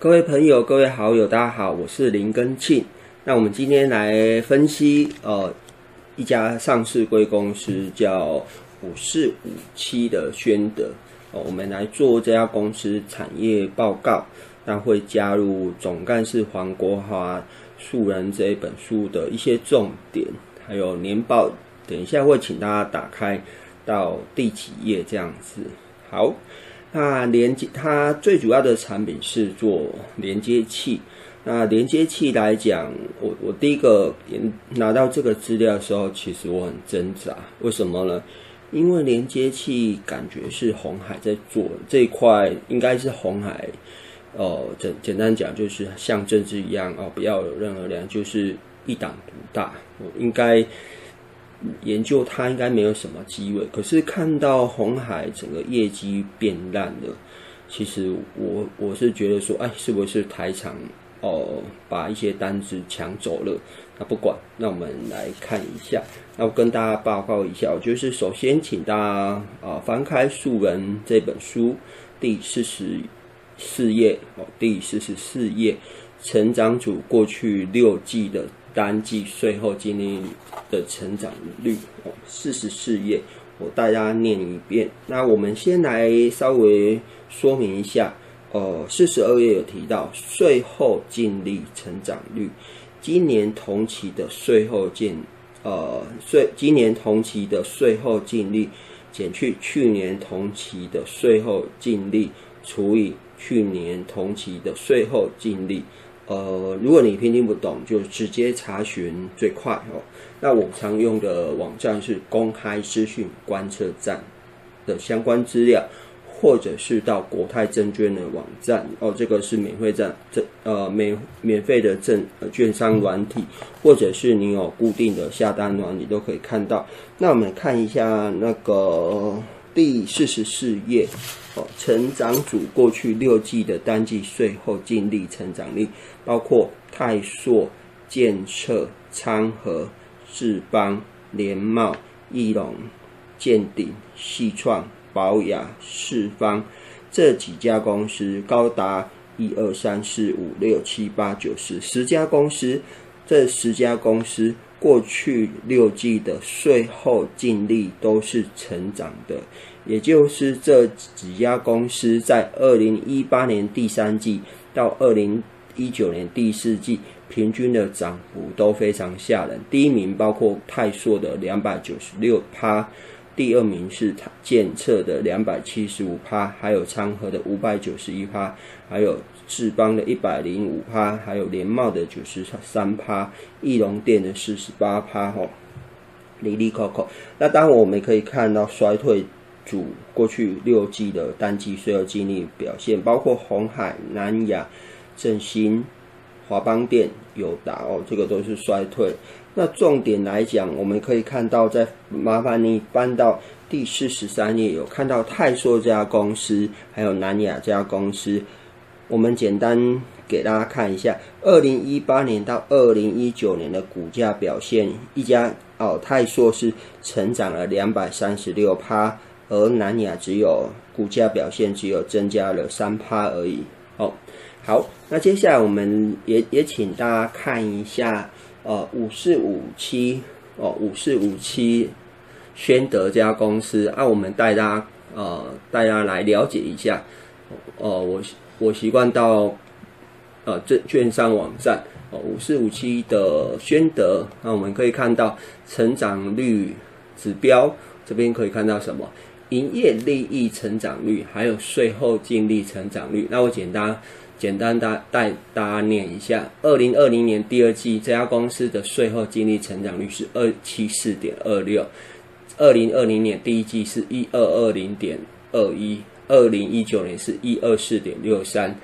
各位朋友、各位好友，大家好，我是林更慶。那我們今天來分析，呃，一家上市櫃公司叫五四五七的宣德，呃，我們來做這家公司產業報告。那會加入總幹事黃國華、素人這一本書的一些重點，還有年報。等一下會請大家打開到第幾頁這樣子。好。那連接它最主要的產品是做連接器。那連接器來講，我我第一個拿到這個資料的時候，其實我很掙扎。為什麼呢？因為連接器感覺是紅海在做這一塊，應該是紅海哦、呃。簡簡單講就是像政治一樣哦、呃，不要有任何量，就是一黨獨大。我應該。研究它應該沒有什麼機會，可是看到鴻海整個業績變爛了，其實我我是覺得說，哎，是不是台廠哦、呃、把一些單子搶走了？那不管，那我們來看一下。那我跟大家報告一下，我就是首先請大家啊、呃、翻開《素文》這本書第四十四頁哦，第四十四頁，成長組過去六季的，單季稅後淨利的成長率，哦，四十四頁，我大家念一遍。那我們先來稍微說明一下，哦、呃，四十二頁有提到稅後淨利成長率，今年同期的稅後淨，呃，稅今年同期的稅後淨利減去去年同期的稅後淨利，除以去年同期的稅後淨利。呃，如果你拼聽不懂，就直接查詢最快哦。那我常用的網站是公開資訊觀測站的相關資料，或者是到國泰證券的網站哦，這個是免費站，這呃免免費的證券商軟體，或者是你有固定的下單軟、哦，你都可以看到。那我們看一下那個。第四十四頁，哦，成長組過去六季的單季稅後淨利成長率，包括泰碩、健策、昌和、智邦、聯茂、億隆、建鼎、西創、寶雅、四方，這幾家公司高達一二三四五六七八九十十家公司，這十家公司。過去六季的稅後淨利都是成長的，也就是這幾家公司，在二零一八年第三季到二零一九年第四季，平均的漲幅都非常嚇人。第一名包括泰碩的兩百九十六趴，第二名是健策的兩百七十五趴，還有昌河的五百九十一趴，還有。智邦的一百零五趴，還有聯茂的九十三趴，翼龍店的四十八趴，吼，利利口口。那當我們可以看到衰退組過去六季的單季稅後淨利表現，包括鴻海、南亞、正興、華邦電、友達哦，這個都是衰退。那重點來講，我們可以看到，再麻煩你翻到第四十三頁，有看到泰碩這家公司，還有南亞這家公司。我們簡單給大家看一下，二零一八年到二零一九年的股價表現，一家奧、哦、泰碩是成長了兩百三十六趴，而南亞只有股價表現只有增加了三趴而已。哦，好，那接下來我們也也請大家看一下，呃，五四五七，哦，五四五七，宣德這家公司，那、啊、我們帶大家呃，帶大家來了解一下，哦、呃，我。我習慣到，呃，這券商網站，哦，五四五七的宣德，那我們可以看到成長率指標，這邊可以看到什麼？營業利益成長率，還有稅後淨利成長率。那我簡單簡單大帶大家念一下：二零二零年第二季這家公司的稅後淨利成長率是二七四點二六，二零二零年第一季是一二二零點二一。二零一九年是一二四點六三，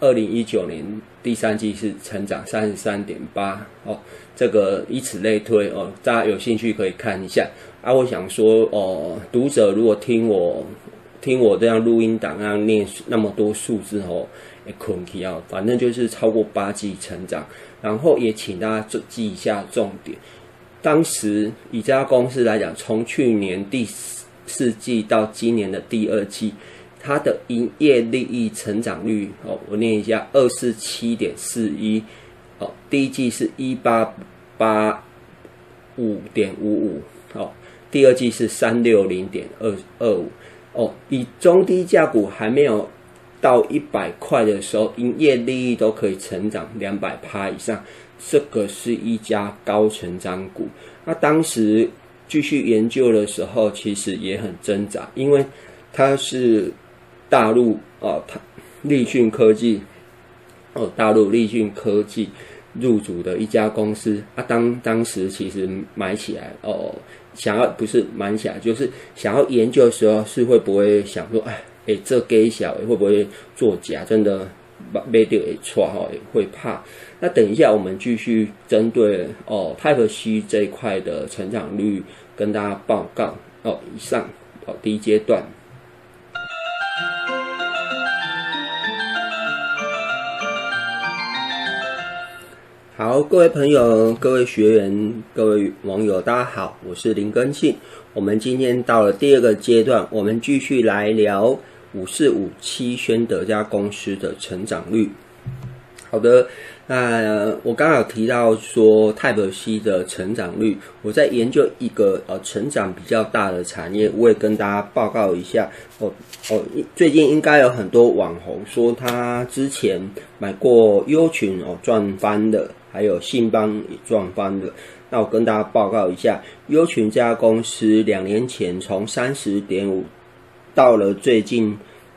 二零一九年第三季是成長三十三點八哦，這個以此類推哦，大家有興趣可以看一下啊。我想說哦，讀者如果聽我聽我這樣錄音檔，這樣念那麼多數字哦，哎，困氣啊，反正就是超過八季成長，然後也請大家記記一下重點。當時以這家公司來講，從去年第四季到今年的第二季。它的營業利益成長率哦，我念一下，二四七點四一，哦，第一季是一八八五點五五，哦，第二季是三六零點二二五，哦，以中低價股還沒有到一百塊的時候，營業利益都可以成長兩百趴以上，這個是一家高成長股。那，啊，當時繼續研究的時候，其實也很掙扎，因為它是。大陸啊，哦，立訊科技哦，大陸立訊科技入主的一家公司啊，當當時其實買起來哦，想要不是買起來，就是想要研究的時候是會不會想說，哎這給小會不會作假？真的沒丟沒錯哈，會怕。那等一下我們繼續針對哦 Type C 這一塊的成長率跟大家報告哦，以上哦第一階段。好，各位朋友、各位學員、各位網友，大家好，我是林根慶。我們今天到了第二個階段，我們繼續來聊五四五七宣德家公司的成長率。好的，那、呃、我剛好提到說 Type C 的成長率，我在研究一個呃成長比較大的產業，我也跟大家報告一下。哦哦，最近應該有很多網紅說他之前買過優群哦，賺翻的。還有信邦也賺翻了。那我跟大家報告一下，優群這家公司兩年前從三十點五到了最近，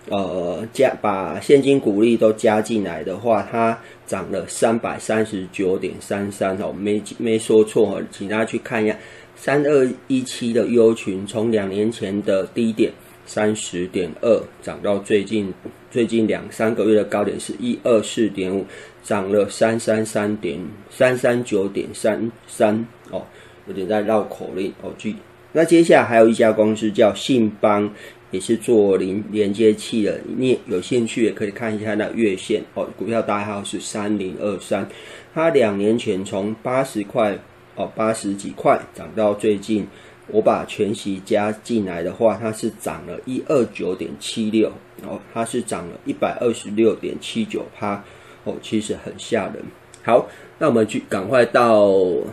呃，加把現金股利都加進來的話，它漲了三百三十九點三三哦，我沒沒說錯哦，請大家去看一下，三二一七的優群從兩年前的低點三十點二漲到最近最近兩三個月的高點是一二四點五。漲了三三三點三三九點三三哦，有點在繞口令哦、G。那接下來還有一家公司叫信邦，也是做連連接器的，你有興趣也可以看一下那月線哦。股票代號是三零二三，它兩年前從八十塊哦八十幾塊漲到最近，我把全息加進來的話，它是漲了一二九點七六哦，它是漲了一百二十六點七九趴。哦，其實很嚇人。好，那我們去趕快到哦，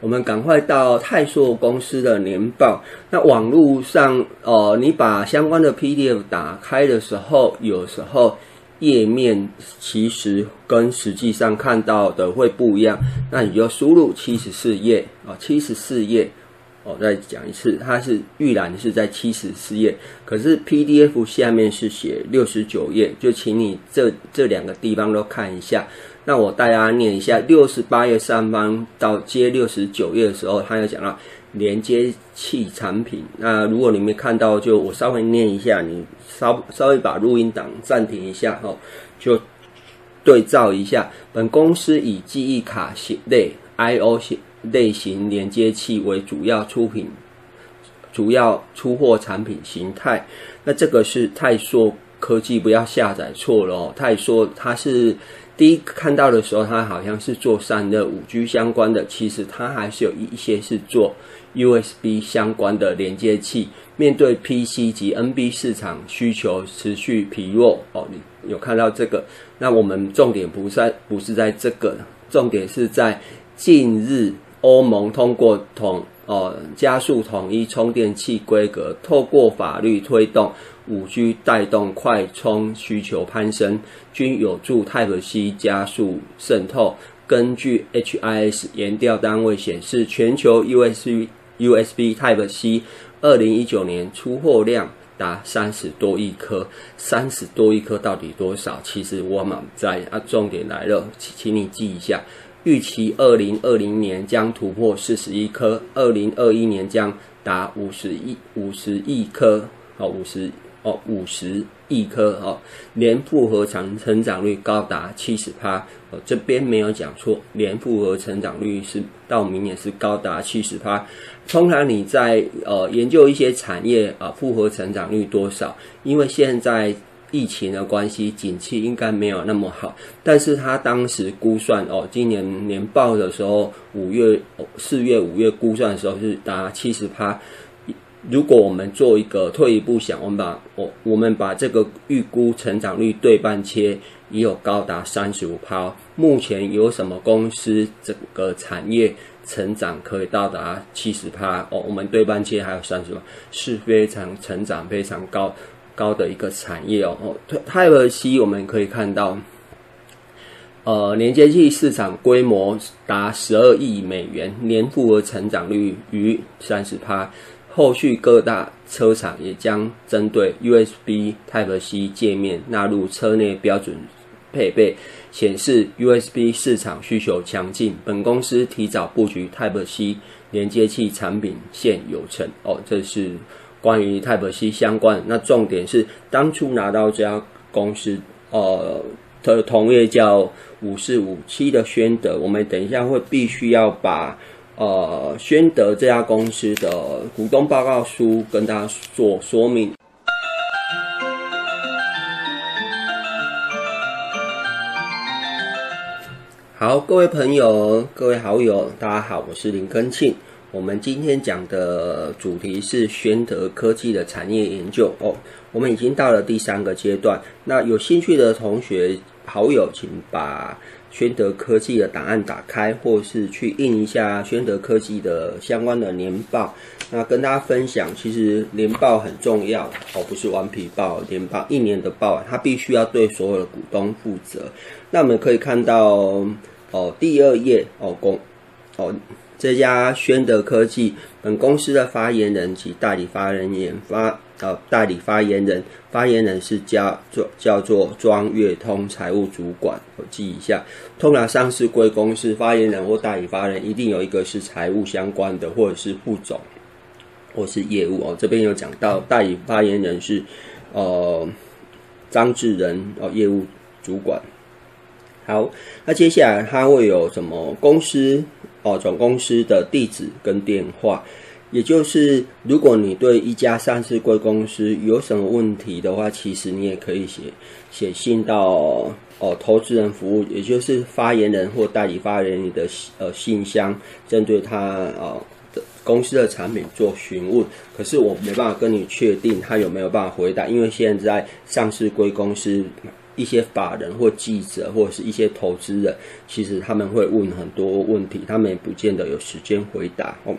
我們趕快到泰碩公司的年報。那網絡上哦，你把相關的 PDF 打開的時候，有時候頁面其實跟實際上看到的會不一樣。那你就輸入74頁啊，74頁。我、哦、再講一次，它是預覽是在七十四頁，可是 PDF 下面是寫六十九頁，就請你這這兩個地方都看一下。那我帶大家念一下，六十八頁上方到接六十九頁的時候，他有講到連接器產品。那如果你沒看到，就我稍微念一下，你稍稍微把錄音檔暫停一下哦，就對照一下。本公司以記憶卡寫類 I/O 寫。類型連接器為主要出品，主要出貨產品型態。那這個是泰碩科技，不要下載錯了哦。泰碩它是第一看到的時候，它好像是做散熱、五 G 相關的，其實它還是有一些是做 USB 相關的連接器。面對 PC 及 NB 市場需求持續疲弱哦，你有看到這個。那我們重點不在，不是在這個，重點是在近日。歐盟通過統哦、呃、加速統一充電器規格，透過法律推動五 G 帶動快充需求攀升，均有助 Type C 加速滲透。根據 HIS 研調單位顯示，全球 USB USB Type C 二零一九年出貨量達三十多億顆。三十多億顆到底多少？其實我們在啊，重點來了，請請你記一下。預期二零二零年將突破四十億顆，二零二一年將達五十億五十億顆，好五十哦五十億顆哦，年複合成成長率高達七十趴，哦這邊沒有講錯，年複合成長率是到明年是高達七十趴。通常你在呃研究一些產業啊、呃，複合成長率多少？因為現在。疫情的關係，景氣應該沒有那麼好。但是他當時估算哦，今年年報的時候，五月、哦、四月五月估算的時候是達七十趴。如果我們做一個退一步想，我們把我、哦、我們把這個預估成長率對半切，也有高達三十五趴。目前有什麼公司整個產業成長可以到達七十趴？哦，我們對半切還有三十趴，是非常成長非常高。高的一個產業哦，哦，Type C 我們可以看到，呃，連接器市場規模達十二億美元，年複合成長率逾三十趴。後續各大車廠也將針對 USB Type C 界面納入車內標準配備，顯示 USB 市場需求強勁。本公司提早布局 Type C 連接器產品線有成哦，這是。關於 Type C 相關，那重點是當初拿到這家公司，呃，的同業叫五四五七的宣德，我們等一下會必須要把呃宣德這家公司的股東報告書跟大家做說，說明。好，各位朋友，各位好友，大家好，我是林根慶。我們今天講的主題是宣德科技的產業研究哦，我們已經到了第三個階段。那有興趣的同學、好友，請把宣德科技的檔案打開，或是去印一下宣德科技的相關的年報。那跟大家分享，其實年報很重要哦，不是頑皮報，年報一年的報它，必須要對所有的股東負責。那我們可以看到哦，第二頁哦，公哦。這家宣德科技本公司的發言人及代理發言人，發哦、啊，代理發言人，發言人是叫,叫做叫做莊月通財務主管，我記一下。通常上市櫃公司發言人或代理發言人，一定有一個是財務相關的，或者是副總，或是業務哦。這邊有講到代理發言人是呃張志仁哦，業務主管。好，那接下來他會有什麼公司？哦，總公司的地址跟電話，也就是如果你對一家上市櫃公司有什麼問題的話，其實你也可以寫寫信到哦投資人服務，也就是發言人或代理發言人的呃信箱，針對他呃、哦、的公司的產品做詢問。可是我沒辦法跟你確定他有沒有辦法回答，因為現在上市櫃公司。一些法人或記者，或者是一些投資人，其實他們會問很多問題，他們也不見得有時間回答哦。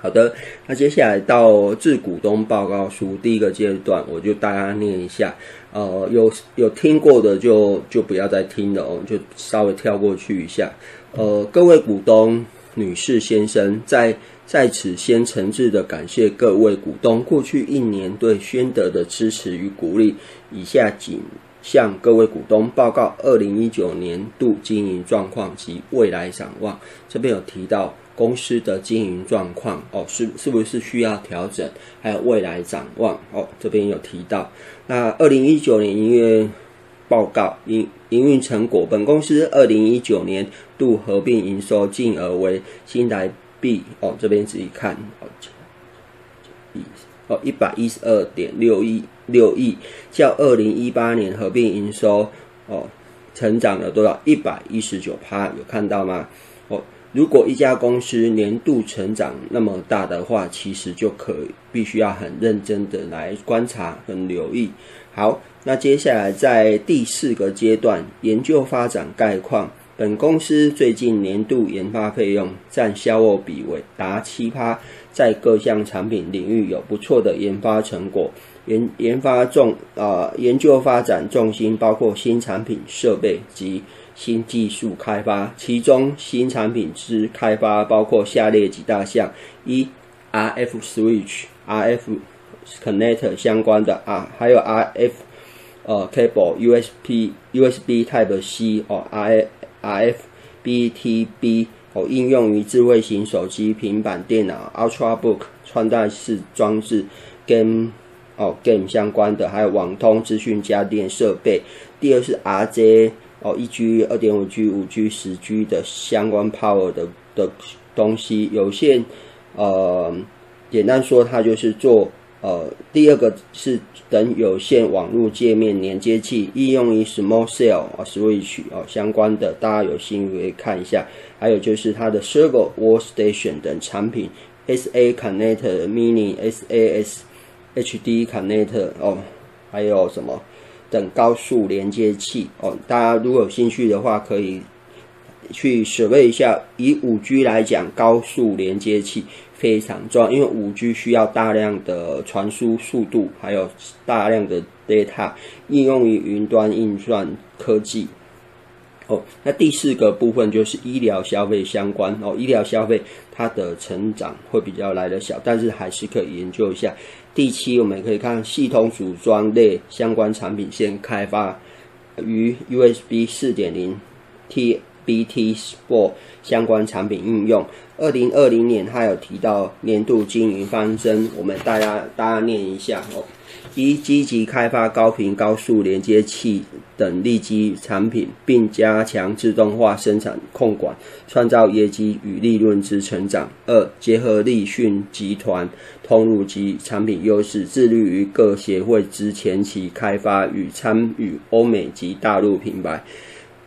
好的，那接下來到致股東報告書第一個階段，我就大家念一下。呃，有有聽過的就就不要再聽了哦，就稍微跳過去一下。呃，各位股東女士先生，在在此先誠摯的感謝各位股東過去一年對宣德的支持與鼓勵。以下僅向各位股東報告二零一九年度經營狀況及未來展望。這邊有提到公司的經營狀況哦，是是不是需要調整？還有未來展望哦，這邊有提到。那二零一九年營業報告營營運成果，本公司二零一九年度合併營收淨額為新台幣哦，這邊自己看，哦一百一十二點六六億，較二零一八年合併營收哦，成長了多少？一百一十九趴，有看到嗎？哦，如果一家公司年度成長那麼大的話，其實就可以必須要很認真的來觀察和留意。好，那接下來在第四個階段研究發展概況，本公司最近年度研發費用占銷額比為達七趴，在各項產品領域有不錯的研發成果。研研發重呃，研究發展重心包括新產品設備及新技術開發，其中新產品之開發包括下列幾大項：一、e,、switch, RF switch、RF connector、er、相關的啊，還有 RF 呃 cable、USB、USB Type C 哦，RF B T B 哦，應用於智慧型手機、平板電腦、Ultra Book、穿戴式裝置跟，Game 哦，Game 相關的，還有網通、資訊、家電設備。第二是 RJ 哦，一 G、二點五 G、五 G、十 G 的相關 Power 的的東西。有線，呃，簡單說，它就是做呃。第二個是等有線網絡界面連接器，應用於 Small Cell 啊、哦、Switch 哦相關的，大家有興趣可以看一下。還有就是它的 Server Wall Station 等產品，S A Connector Mini S A S。HD connector 哦，還有什麼等高速連接器哦？大家如果有興趣的話，可以去詢問一下。以五 G 來講，高速連接器非常重要，因為五 G 需要大量的傳輸速度，還有大量的 data 應用於雲端運算科技。哦，那第四個部分就是醫療消費相關哦，醫療消費它的成長會比較來得小，但是還是可以研究一下。第七，我們也可以看系統組裝類相關產品線開發與 USB 四點零、TBT Sport 相關產品應用。二零二零年，它有提到年度經營方針，我們大家大家念一下哦。一、積極開發高頻高速連接器等利基產品，並加強自動化生產控管，創造業績與利潤之成長。二、結合立訊集團通路及產品優勢，致力於各協會之前期開發與參與歐美及大陸品牌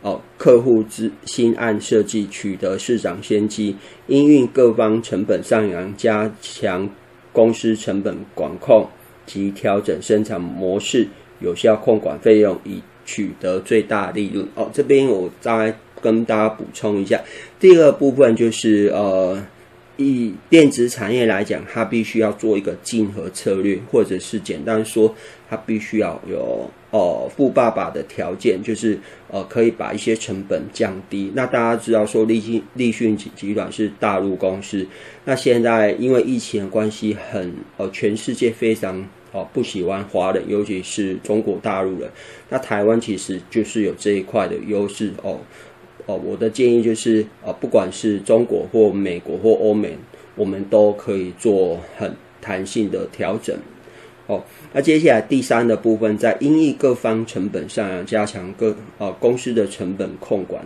哦客戶之新案設計，取得市場先機，因應各方成本上揚，加強公司成本管控。及調整生產模式，有效控管費用，以取得最大利潤。哦，這邊我再跟大家補充一下，第二部分就是，呃，以電子產業來講，它必須要做一個競合策略，或者是簡單說，它必須要有哦富爸爸的條件，就是呃可以把一些成本降低。那大家知道說立訊立訊集集團是大陸公司，那現在因為疫情的關係很呃、哦、全世界非常哦不喜歡華人，尤其是中國大陸人。那台灣其實就是有這一塊的優勢哦。哦，我的建議就是啊，不管是中國或美國或歐美，我們都可以做很彈性的調整。哦，那接下來第三的部分，在因應各方成本上要加強各呃、啊、公司的成本控管，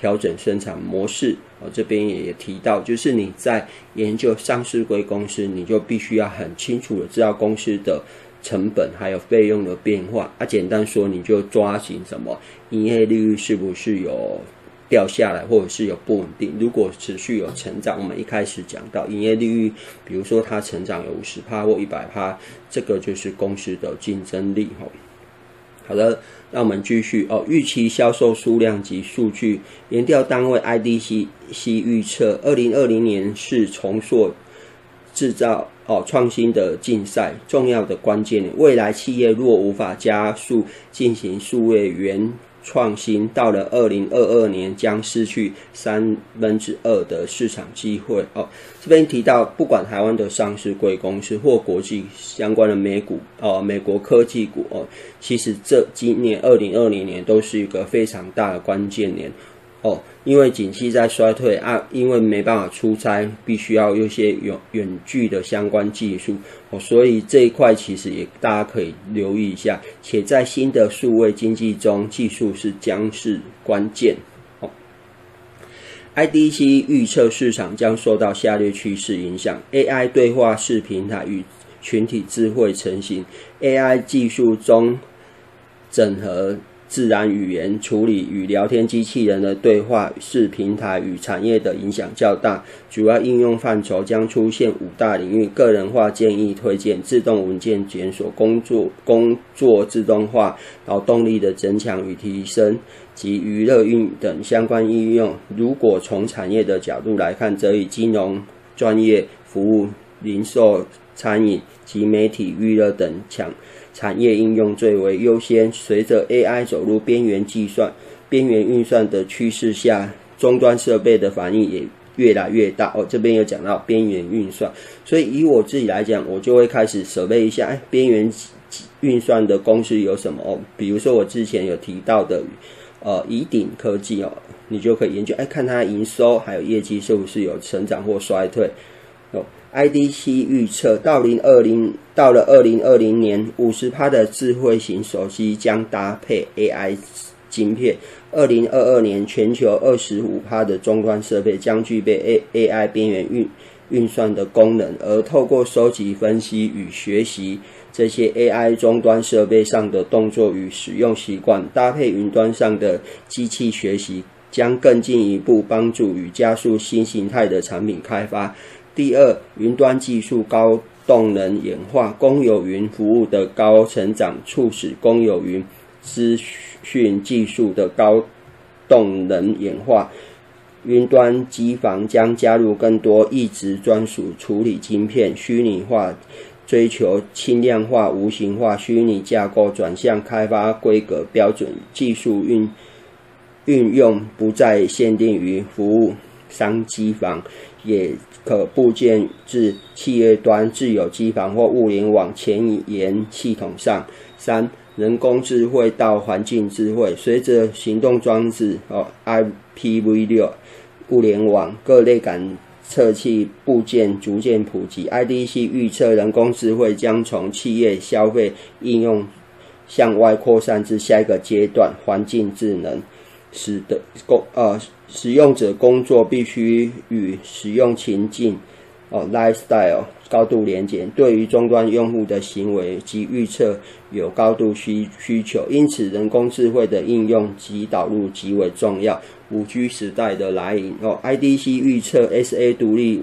調整生產模式。我、哦、這邊也提到，就是你在研究上市櫃公司，你就必須要很清楚的知道公司的成本還有費用的變化。啊，簡單說，你就抓緊什麼營業利率是不是有。掉下來，或者是有不穩定。如果持續有成長，我們一開始講到營業利率，比如說它成長有五十趴或一百趴，這個就是公司的競爭力。好的，那我們繼續哦。預期銷售數量及數據，研調單位 IDC 預測，二零二零年是重塑制造哦創新的競賽重要的關鍵。未來企業若無法加速進行數位原。創新到了二零二二年將失去三分之二的市場機會哦。這邊提到，不管台灣的上市櫃公司或國際相關的美股，哦，美國科技股哦，其實這今年二零二零年都是一個非常大的關鍵年。哦，因為景氣在衰退啊，因為沒辦法出差，必須要有些遠遠距的相關技術哦，所以這一塊其實也大家可以留意一下。且在新的數位經濟中，技術是將是關鍵。哦，IDC 預測市場將受到下列趨勢影響：AI 對話式平台與群體智慧成型，AI 技術中整合。自然語言處理與聊天機器人的對話式平台與產業的影響較大，主要應用範疇將出現五大領域：個人化建議推薦、自動文件檢索、工作工作自動化、勞動力的增強與提升及娛樂運等相關應用。如果從產業的角度來看，則以金融、專業服務、零售。餐飲及媒體娛樂等強產業應用最為優先。隨着 AI 走入邊緣計算、邊緣運算的趨勢下，終端設備的反應也越來越大。哦，這邊有講到邊緣運算，所以以我自己來講，我就會開始設備一下。哎，邊緣運算的公司有什麼？哦，比如說我之前有提到的，呃，宜鼎科技哦，你就可以研究。哎，看它營收還有業績是不是有成長或衰退。ID 七預測，到零二零到了二零二零年50，五十趴的智慧型手機將搭配 AI 晶片。二零二二年，全球二十五趴的終端設備將具備 A AI 邊緣運運算的功能。而透過收集、分析與學習這些 AI 終端設備上的動作與使用習慣，搭配雲端上的機器學習，將更進一步幫助與加速新型態的產品開發。第二，雲端技術高動能演化，公有雲服務的高成長促使公有雲資訊技術的高動能演化。雲端機房將加入更多異質專屬處理晶片，虛擬化追求輕量化、無形化，虛擬架構轉向開發規格標準技術運運用，不再限定於服務。商機房也可部件至企業端自有機房或物聯網前沿系統上。三、人工智慧到環境智慧，隨着行動裝置、和 IPv 六、IP 6, 物聯網各類感測器部件逐漸普及，IDC 預測人工智慧將從企業消費應用向外擴散至下一個階段環境智能，使得呃。使用者工作必須與使用情境，哦、oh,，lifestyle 高度連結，對於終端用戶的行為及預測有高度需需求，因此人工智慧的應用及導入極為重要。五 G 時代的來臨，哦、oh,，IDC 預測 SA 獨立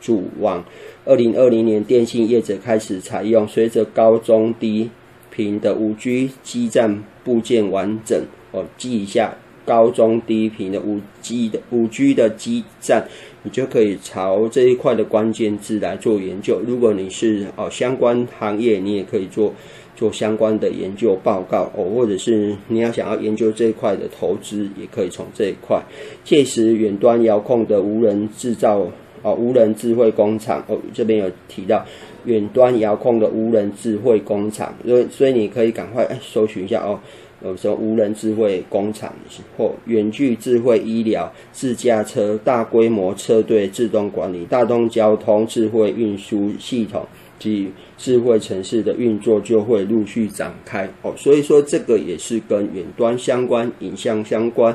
組網，二零二零年電信業者開始採用。隨着高中低頻的五 G 基站部件完整，哦、oh,，記一下。高中低頻的 5G 的 5G 的基站，你就可以朝這一塊的關鍵字來做研究。如果你是哦相關行業，你也可以做做相關的研究報告哦，或者是你要想要研究這一塊的投資，也可以從這一塊。屆時遠端遙控的無人制造哦，無人智慧工廠哦，這邊有提到遠端遙控的無人智慧工廠，所以所以你可以趕快誒搜尋一下哦。有時候無人智慧工廠或遠距智慧醫療、自駕車、大規模車隊自動管理、大眾交通智慧運輸系統及智慧城市的運作就會陸續展開哦。所以說這個也是跟遠端相關、影像相關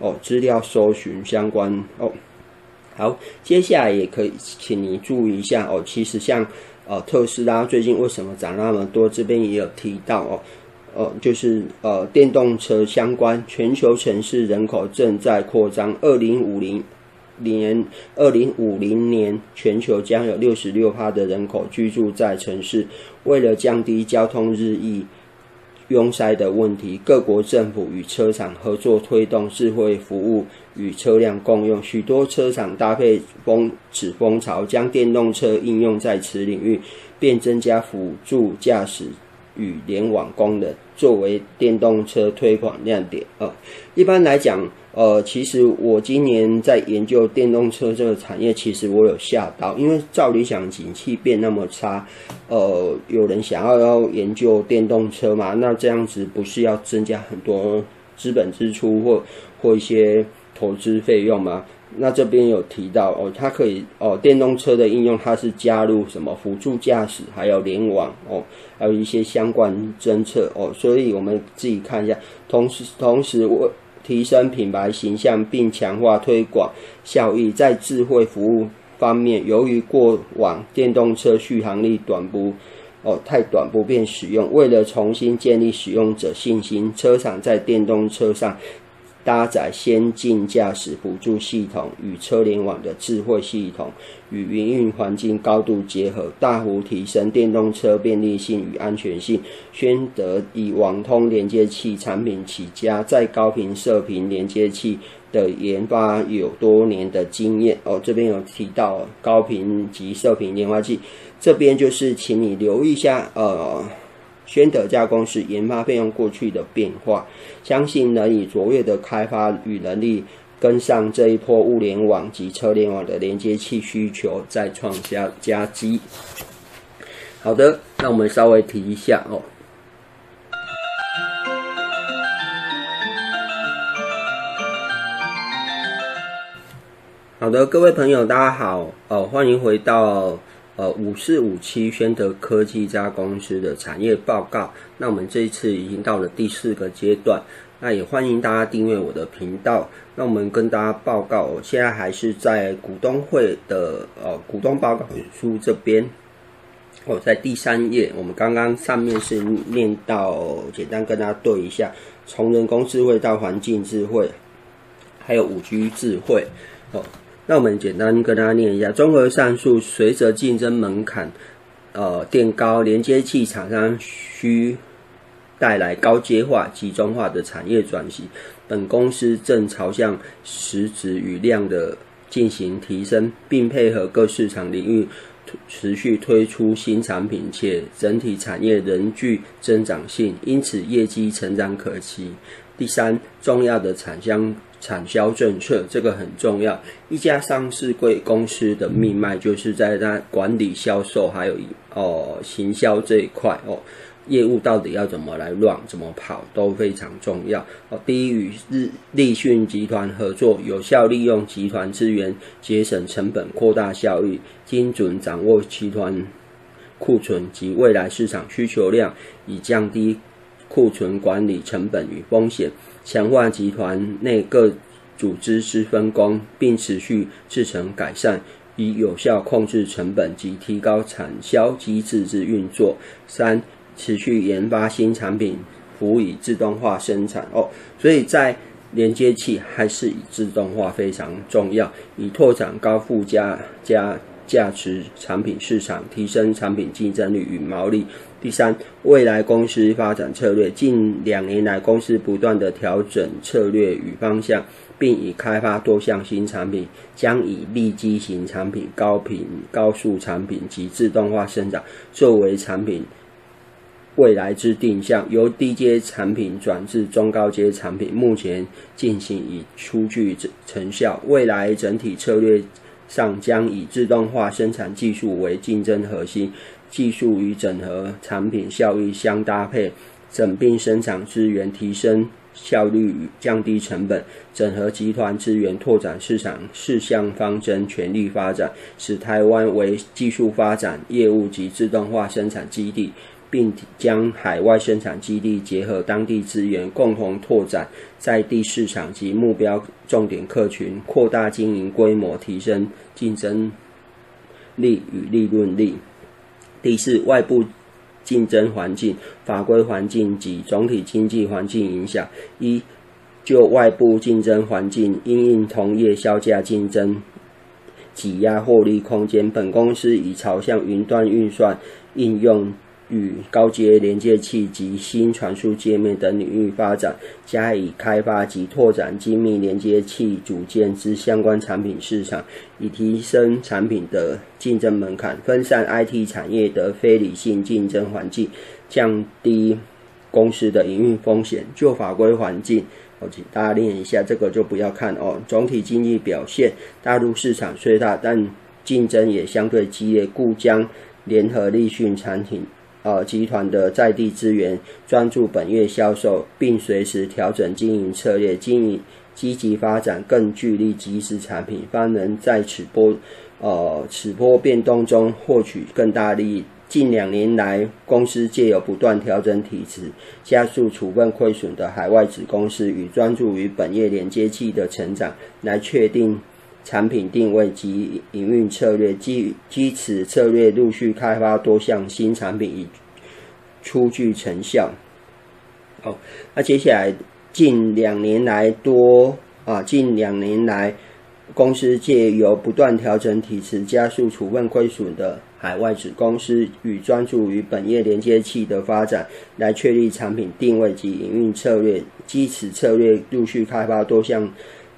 哦、資料搜尋相關哦。好，接下來也可以請你注意一下哦。其實像呃、哦、特斯拉最近為什麼漲那麼多，這邊也有提到哦。哦、呃，就是呃，電動車相關。全球城市人口正在擴張，二零五零年，二零五零年全球將有六十六趴的人口居住在城市。為了降低交通日益擁塞的問題，各國政府與車廠合作推動智慧服務與車輛共用。許多車廠搭配風此風潮，將電動車應用在此領域，便增加輔助駕駛。與聯網功能作為電動車推廣亮點，呃，一般來講，呃，其實我今年在研究電動車這個產業，其實我有嚇到，因為照理想景氣變那麼差，呃，有人想要要研究電動車嘛，那這樣子不是要增加很多資本支出或或一些投資費用嗎？那這邊有提到哦，它可以哦，電動車的應用它是加入什麼輔助駕駛，還有聯網哦，還有一些相關政策哦，所以我們自己看一下。同時，同時我提升品牌形象並強化推廣效益，在智慧服務方面，由於過往電動車續航力短不哦太短不便使用，為了重新建立使用者信心，車廠在電動車上。搭載先進駕駛輔助系統與車聯網的智慧系統，與營運環境高度結合，大幅提升電動車便利性與安全性。宣德以網通連接器產品起家，在高頻射頻連接器的研發有多年的經驗。哦，這邊有提到高頻及射頻連接器，這邊就是請你留意一下，呃。宣德加工是研發費用過去的變化，相信能以卓越的開發與能力跟上這一波物聯網及車聯網的連接器需求再、再創下佳績。好的，那我們稍微提一下哦。好的，各位朋友，大家好，哦，歡迎回到。呃，五四五七宣德科技家公司的產業報告。那我們這一次已經到了第四個階段。那也歡迎大家訂閱我的頻道。那我們跟大家報告，現在還是在股東會的呃股東報告書這邊。我、哦、在第三頁，我們剛剛上面是念到，簡單跟大家對一下，從人工智慧到環境智慧，還有五 G 智慧，哦。那我們簡單跟大家念一下：綜合上述，隨着競爭門檻，呃，墊高，連接器廠商需帶來高階化、集中化的產業轉型。本公司正朝向實質與量的進行提升，並配合各市場領域持續推出新產品，且整體產業仍具增長性，因此業績成長可期。第三，重要的產商。產銷政策這個很重要，一家上市櫃公司的命脈就是在它管理銷售還有哦行銷這一塊哦，業務到底要怎麼來亂怎麼跑都非常重要哦。第一，與立訊集團合作，有效利用集團資源，節省成本，擴大效益，精準掌握集團庫存及未來市場需求量，以降低庫存管理成本與風險。強化集團內各組織之分工，並持續製程改善，以有效控制成本及提高產銷機制之運作。三、持續研發新產品，輔以自動化生產。哦，所以在連接器還是以自動化非常重要，以拓展高附加加價值產品市場，提升產品競爭力與毛利。第三，未來公司發展策略。近兩年來，公司不斷地調整策略與方向，並以開發多項新產品，將以立基型產品、高頻高速產品及自動化生產作為產品未來之定向，由低階產品轉至中高階產品，目前進行已初具成效。未來整體策略上將以自動化生產技術為競爭核心。技術與整合產品效益相搭配，整併生產資源，提升效率與降低成本；整合集團資源，拓展市場。四項方針全力發展，使台灣為技術發展、業務及自動化生產基地，並將海外生產基地結合當地資源，共同拓展在地市場及目標重點客群，擴大經營規模，提升競爭力與利潤率。第四，外部競爭環境、法規環境及總體經濟環境影響。一，就外部競爭環境，因應同業削價競爭，擠壓獲利空間。本公司已朝向雲端運算應用。與高階連接器及新傳輸界面等領域發展，加以開發及拓展精密連接器組件之相關產品市場，以提升產品的競爭門檻，分散 IT 產業的非理性競爭環境，降低公司的營運風險。舊法規環境，我、哦、請大家念一下，這個就不要看哦。總體經濟表現，大陸市場雖大，但競爭也相對激烈，故將聯合立訊產品。呃，集團的在地資源，專注本業銷售，並隨時調整經營策略，經營積極發展更具力即時產品，方能在此波，呃，此波變動中獲取更大利益。近兩年來，公司借由不斷調整體質，加速處分虧損的海外子公司，與專注於本業連接器的成長，來確定。產品定位及營運策略，基基此策略，陸續開發多項新產品，已初具成效。哦，那接下來，近兩年來多啊，近兩年來，公司借由不斷調整體質，加速處分虧損的海外子公司，與專注於本業連接器的發展，來確立產品定位及營運策略，基此策略，陸續開發多項。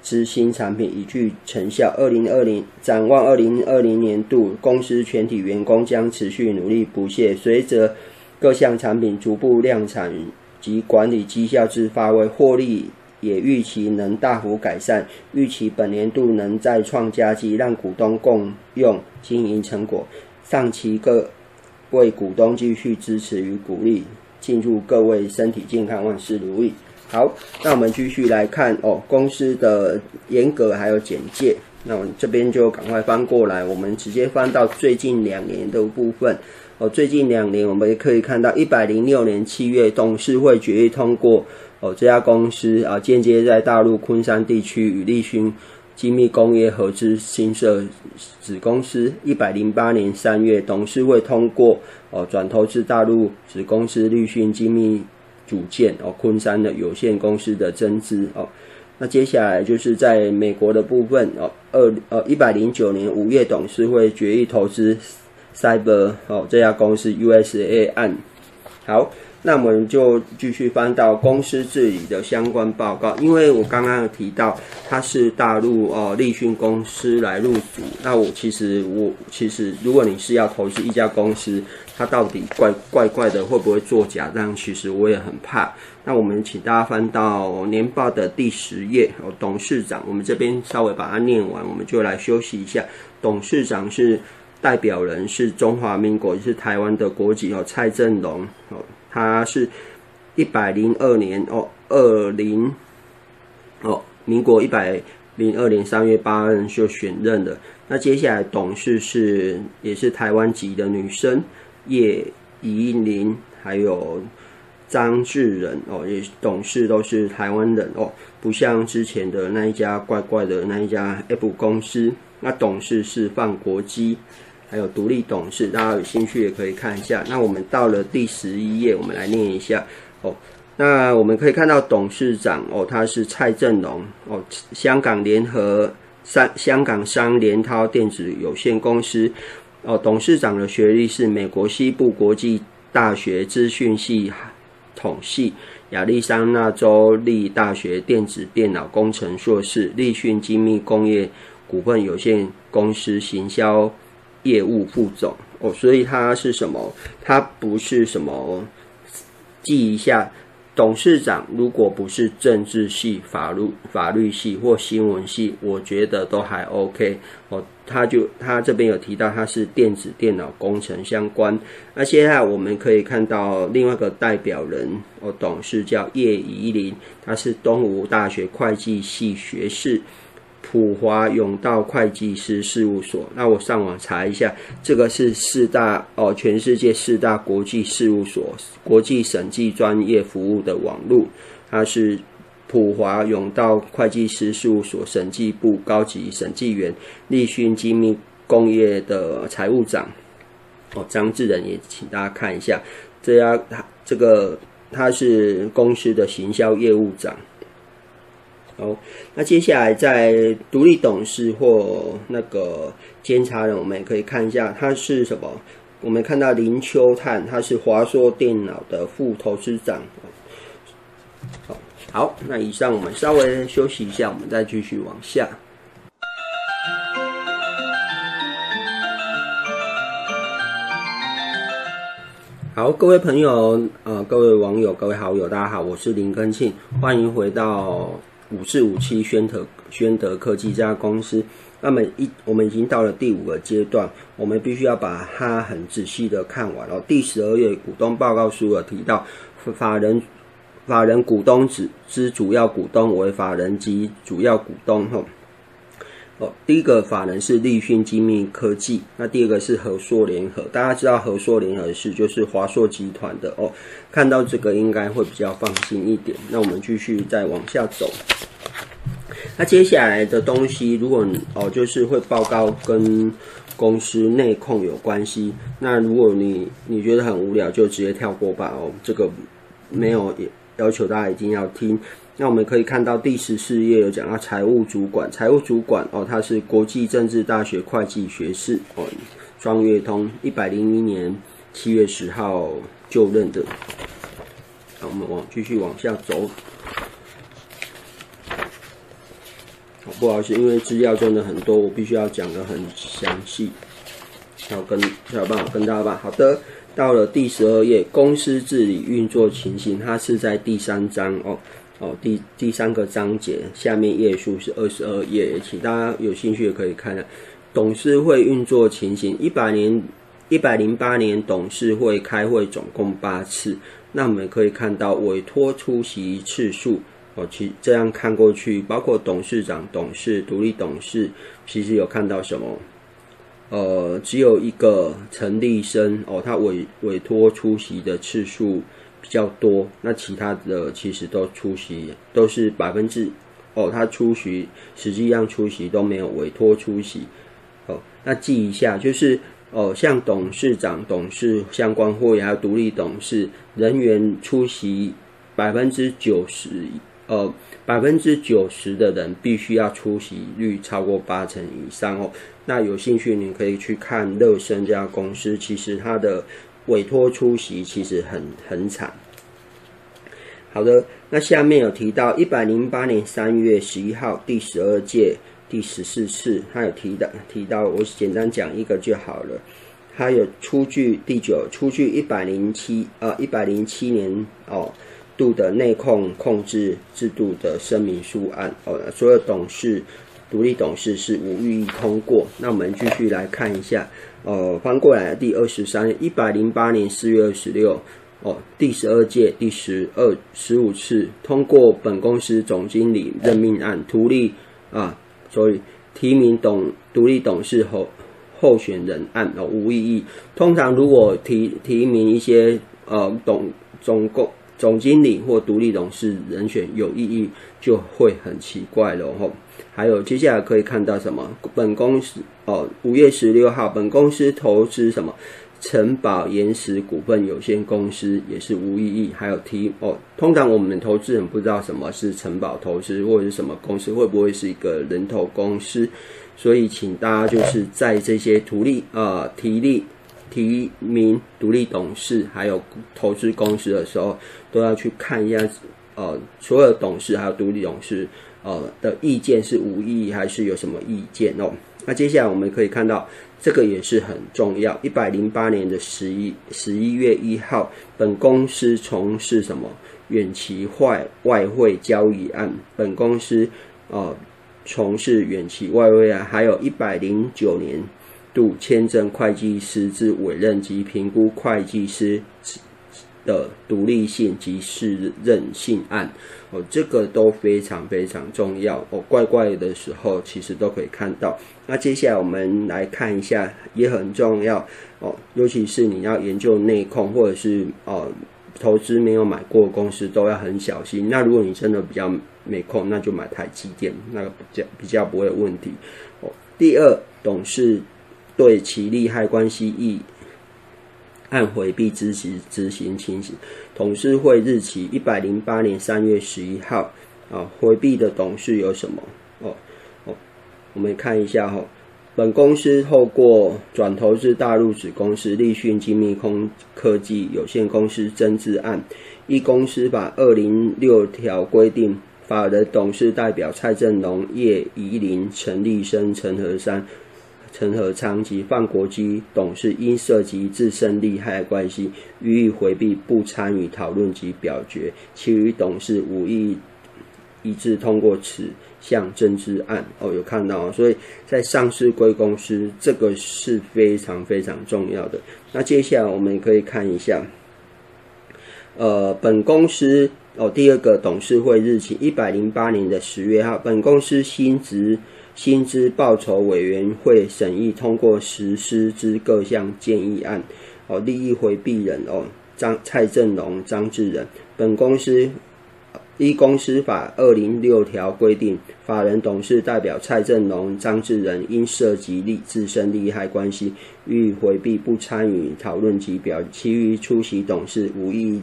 資新產品已具成效，二零二零，展望二零二零年度，公司全體員工將持續努力不懈。隨着各項產品逐步量產及管理績效之發揮，獲利也預期能大幅改善，預期本年度能再創佳績，讓股東共用經營成果。上期各位股東繼續支持與鼓勵，敬祝各位身體健康，萬事如意。好，那我們繼續來看哦，公司的沿革還有簡介。那我這邊就趕快翻過來，我們直接翻到最近兩年的部分。哦，最近兩年我們也可以看到，一百零六年七月董事會決議通過，哦，這家公司啊，間接在大陸昆山地區與立訊精密工業合資新設子公司。一百零八年三月董事會通過，哦，轉投資大陸子公司立訊精密。組建哦，昆山的有限公司的增資哦，那接下來就是在美國的部分哦，二呃一百零九年五月董事會決議投資 Cyber 哦，這家公司 USA 案，好。那我們就繼續翻到公司治理的相關報告，因為我剛剛有提到他是大陸哦，立訊公司來入股。那我其實我其實，如果你是要投資一家公司，它到底怪怪怪的會不會作假？這樣其實我也很怕。那我們請大家翻到年報的第十頁哦，董事長，我們這邊稍微把它念完，我們就來休息一下。董事長是代表人，是中華民國也是台灣的國籍哦，蔡振龍哦。他是一百零二年哦，二零哦，民國一百零二年三月八日就選任的。那接下來董事是也是台灣籍的女生葉怡寧，還有張智仁哦，也董事都是台灣人哦，不像之前的那一家怪怪的那一家 Apple 公司，那董事是范國基。還有獨立董事，大家有興趣也可以看一下。那我們到了第十一頁，我們來念一下哦。那我們可以看到董事長哦，他是蔡振龍哦，香港聯合三香港商聯滔電子有限公司哦，董事長的學歷是美國西部國際大學資訊系統系、亞利桑那州立大學電子電腦工程碩士，立訊精密工業股份有限公司行銷業務副總哦，所以他是什麼？他不是什麼記一下。董事長如果不是政治系、法律法律系、或新聞系，我覺得都還 OK 哦。他就他這邊有提到他是電子電腦工程相關。那現在我們可以看到另外一個代表人哦，董事叫葉宜林，他是東吳大學會計系學士。普華永道會計師事務所，那我上網查一下，這個是四大哦，全世界四大國際事務所，國際審計專業服務的網路，他是普華永道會計師事務所審計部高級審計員，立訊精密工業的財務長，哦，張智仁也，請大家看一下，這家，這個，他這個他是公司的行銷業務長。好，那接下來在獨立董事或那個監察人，我們也可以看一下他是什麼。我們看到林秋探，他是華碩電腦的副董事長。好，好，那以上我們稍微休息一下，我們再繼續往下。好，各位朋友、呃，各位網友，各位好友，大家好，我是林根慶，歡迎回到。五四五七宣德宣德科技這家公司，那麼一我們已經到了第五個階段，我們必須要把它很仔細的看完了。第十二頁股東報告書有提到，法人法人股東之之主要股東為法人及主要股東吼哦，第一個法人是立訊精密科技，那第二個是合碩聯合。大家知道合碩聯合是就是華碩集團的哦，看到這個應該會比較放心一點。那我們繼續再往下走。那接下來的東西，如果你哦，就是會報告跟公司內控有關係，那如果你你覺得很無聊，就直接跳過吧哦，這個沒有要求大家一定要聽。那我們可以看到第十四頁有講到財務主管，財務主管哦，他是國際政治大學會計學士哦，莊月通，一百零一年七月十號就任的。那我們往繼續往下走好，不好意思，因為資料真的很多，我必須要講得很詳細，要跟想辦法跟大家吧。好的，到了第十二頁，公司治理運作情形，它是在第三章哦。哦，第第三個章節下面頁數是二十二頁，請大家有興趣也可以看的、啊。董事會運作情形，一百年、一百零八年董事會開會總共八次，那我們也可以看到委托出席次數。哦，其這樣看過去，包括董事長、董事、獨立董事，其實有看到什麼？呃，只有一個陳立生哦，他委委托出席的次數。比較多，那其他的其實都出席，都是百分之，哦，他出席，實際上出席都沒有委托出席，哦，那記一下，就是哦，像董事長、董事相關會，還有獨立董事人員出席百分之九十，呃，百分之九十的人必須要出席率超過八成以上哦，那有興趣你可以去看樂升這家公司，其實它的。委託出席其實很很慘。好的，那下面有提到一百零八年三月十一號第十二屆第十四次，他有提的提到，我簡單講一個就好了。他有出具第九出具一百零七啊一百零七年哦度的內控控制制度的聲明書案哦，所有董事、獨立董事是無異議通過。那我們繼續來看一下，呃，翻過來第二十三頁，一百零八年四月二十六，哦，第十二屆第十二十五次通過本公司總經理任命案，獨立啊，所以提名董獨立董事候候選人案哦無異議。通常如果提提名一些呃董總共。總經理或獨立董事人選有異議，就會很奇怪了吼。還有接下來可以看到什麼？本公司哦，五月十六號，本公司投資什麼？城堡岩石股份有限公司也是無異議。還有提哦，通常我們的投資人不知道什麼是城堡投資或者什麼公司，會不會是一個人頭公司？所以請大家就是在這些圖、呃、例啊、提例。提名獨立董事還有投資公司的時候，都要去看一下，呃，所有董事還有獨立董事，呃的意見是無異議還是有什麼意見哦？那接下來我們可以看到，這個也是很重要。一百零八年的十一十一月一號，本公司從事什麼遠期外外匯交易案？本公司呃從事遠期外匯案，啊，還有一百零九年。度簽證會計師之委任及評估會計師的獨立性及適任性案，哦，這個都非常非常重要。哦，怪怪的時候其實都可以看到。那接下來我們來看一下，也很重要。哦，尤其是你要研究內控或者是哦投資沒有買過的公司，都要很小心。那如果你真的比較沒空，那就買台積電，那個比較比較不會有問題。哦，第二董事。對其利害關係，一按回避執行執行情形。董事會日期一百零八年三月十一號。啊、回避的董事有什麼？哦哦，我們看一下哈、哦。本公司透過轉投資大陸子公司立訊精密科科技有限公司增資案，依公司法二零六條規定，法人董事代表蔡振龍、葉怡玲、陳立生、陳和山。陳和昌及范國基董事因涉及自身利害關係，予以回避，不參與討論及表決。其餘董事無異議，一致通過此項增資案。哦，有看到啊。所以在上市櫃公司，這個是非常非常重要的。那接下來我們可以看一下，呃，本公司哦，第二個董事會日期一百零八年的十月號，本公司新職。薪資報酬委員會審議通過實施之各項建議案。哦，利益回避人哦，張蔡振龍、張志仁。本公司依公司法二零六條規定，法人董事代表蔡振龍、張志仁因涉及利自身利害關係，欲回避不參與討論及表，其餘出席董事無異議，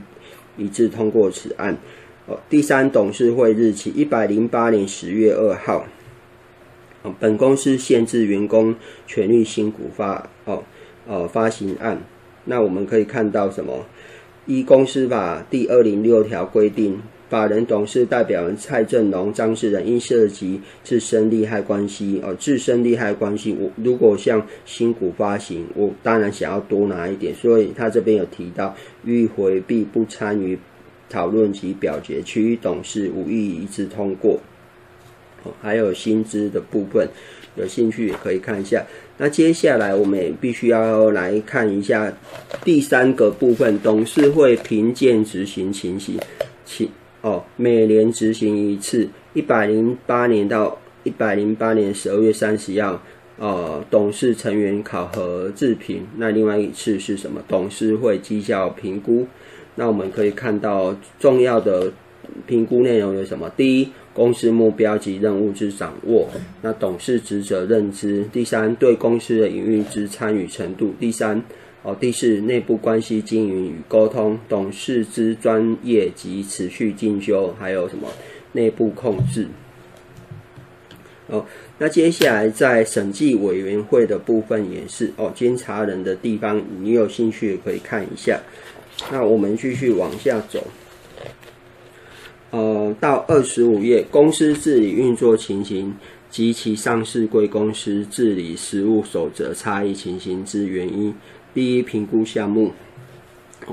一致通過此案。哦，第三董事會日期一百零八年十月二號。本公司限制員工權利新股發哦，呃，發行案。那我們可以看到什麼？依公司法第二零六條規定，法人董事代表人蔡振龍、張世仁因涉及自身利害關係哦，自身利害關係，我如果向新股發行，我當然想要多拿一點。所以他這邊有提到，予以回避不參與討論及表決其餘董事，無異議，一致通過。還有薪資的部分，有興趣也可以看一下。那接下來我們也必須要來看一下第三個部分：董事會評鑑執行情形。哦，每年執行一次，一百零八年到一百零八年十二月三十日，呃、哦，董事成員考核自評。那另外一次是什麼？董事會績效評估。那我們可以看到重要的評估內容有什麼？第一。公司目標及任務之掌握，那董事職責認知；第三，對公司的營運之參與程度；第三，哦，第四，內部關係經營與溝通；董事之專業及持續進修，還有什麼內部控制？哦，那接下來在審計委員會的部分也是哦，監察人的地方，你有興趣可以看一下。那我們繼續往下走。呃，到二十五頁，公司治理運作情形及其上市櫃公司治理實務守則差異情形之原因。第一，評估項目，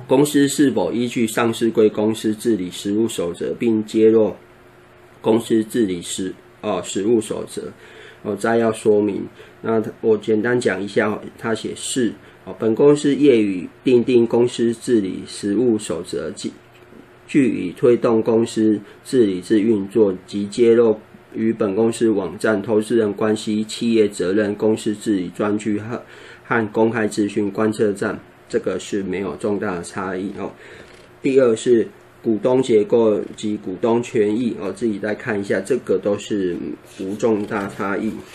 公司是否依據上市櫃公司治理實務守則，並揭露公司治理實啊實務守則？我、哦、摘要說明，那我簡單講一下，他寫是，哦，本公司業已訂定，定公司治理實務守則及。據以推動公司治理之運作及揭露與本公司網站投資人關係企業責任公司治理專區和和公開資訊觀測站，這個是沒有重大的差異哦。第二是股東結構及股東權益哦，自己再看一下，這個都是無重大差異。